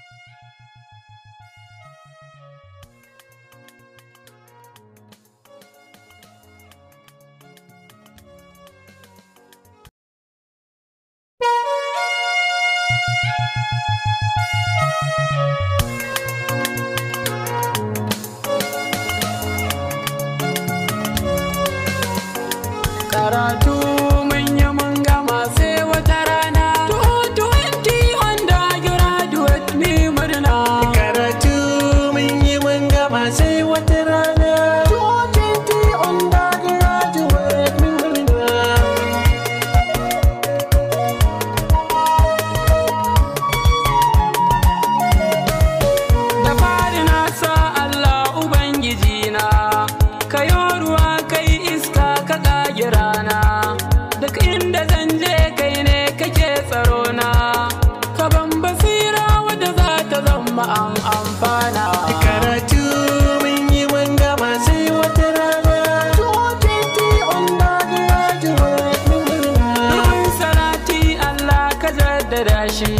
Thank you. kuma an amfana karatu mun yi mun gama sai wata rana tuwatiti onda da yaji mun salati Allah ka jaddada shi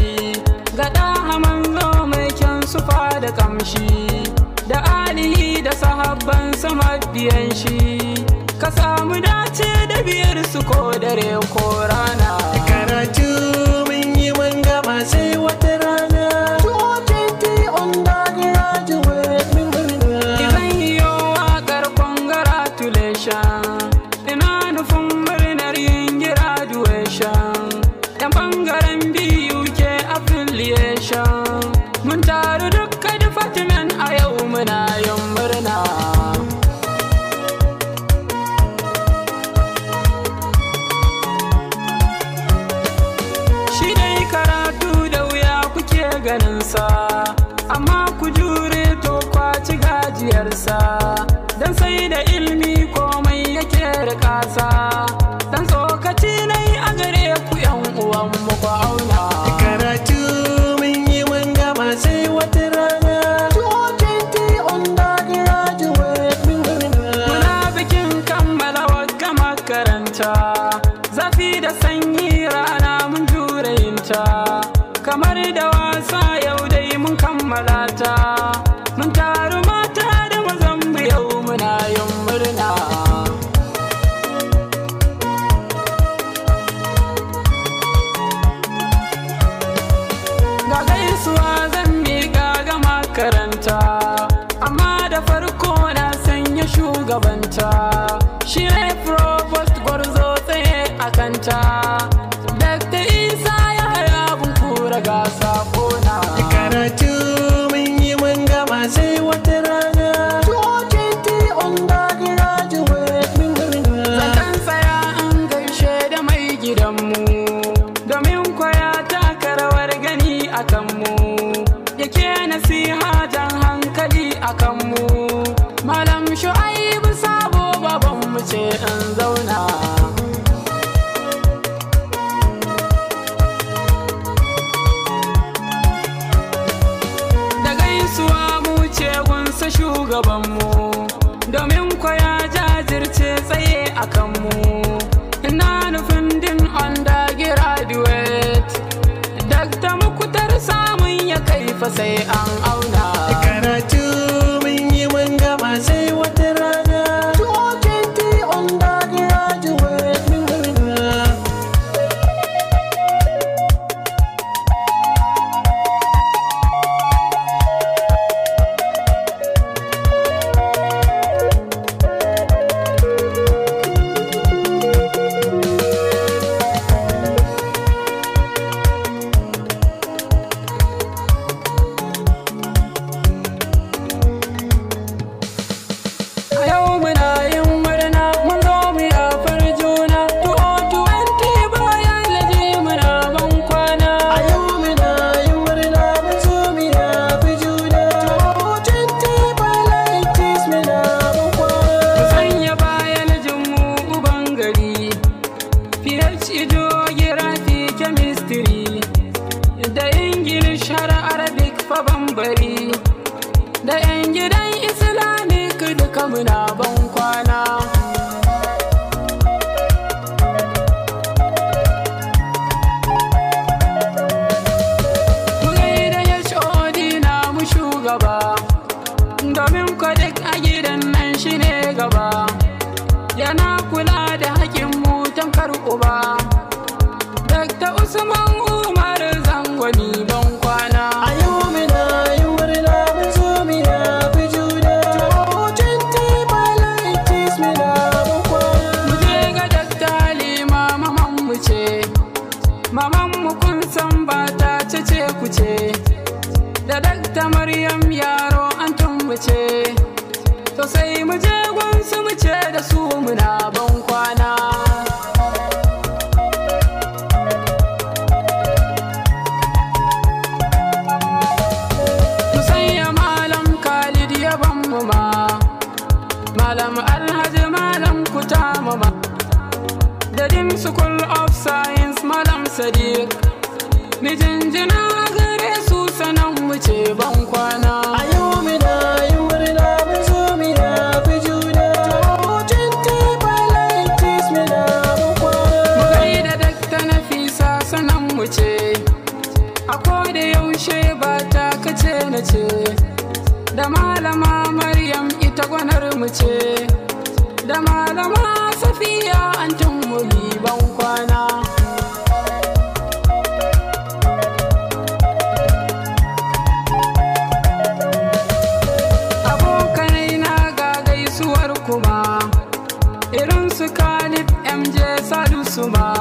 gaɗa ɗahaman zo mai kyan sufa da kamshi da alihi da sahabban sama biyan shi ka samu dace da biyar su ko dare ko rana mun taru mata da mazan yau muna yin murna ga gaisuwa zan miƙa ga makaranta ce in zauna da gaisuwa mu ce gunsa shugabanmu domin kwaya jajirce tsaye a kanmu ina nufin din onda graduate dakta mukutar samun ya kaifa sai an shi ne gaba muna ban kwana musanya malam khalid ya ban mu ma malam alhaji malam kuta mu ma da dim school of science malam sadiq mijin jina gare su sanan mu ce ban kwana da safiya an tumuri ban kwana. Abokanai na ga gaisuwar kuma, irin su Khalid MJ Sadu Suma.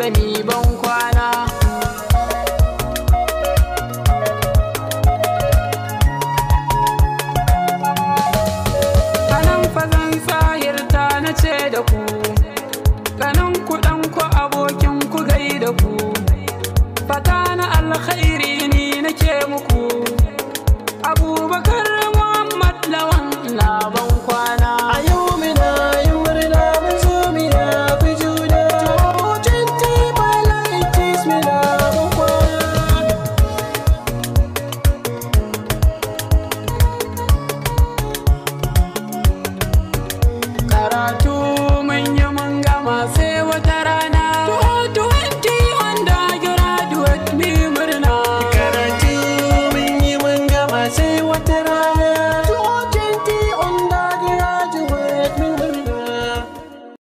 sani ban kwana anan zan sahirta na ce da ku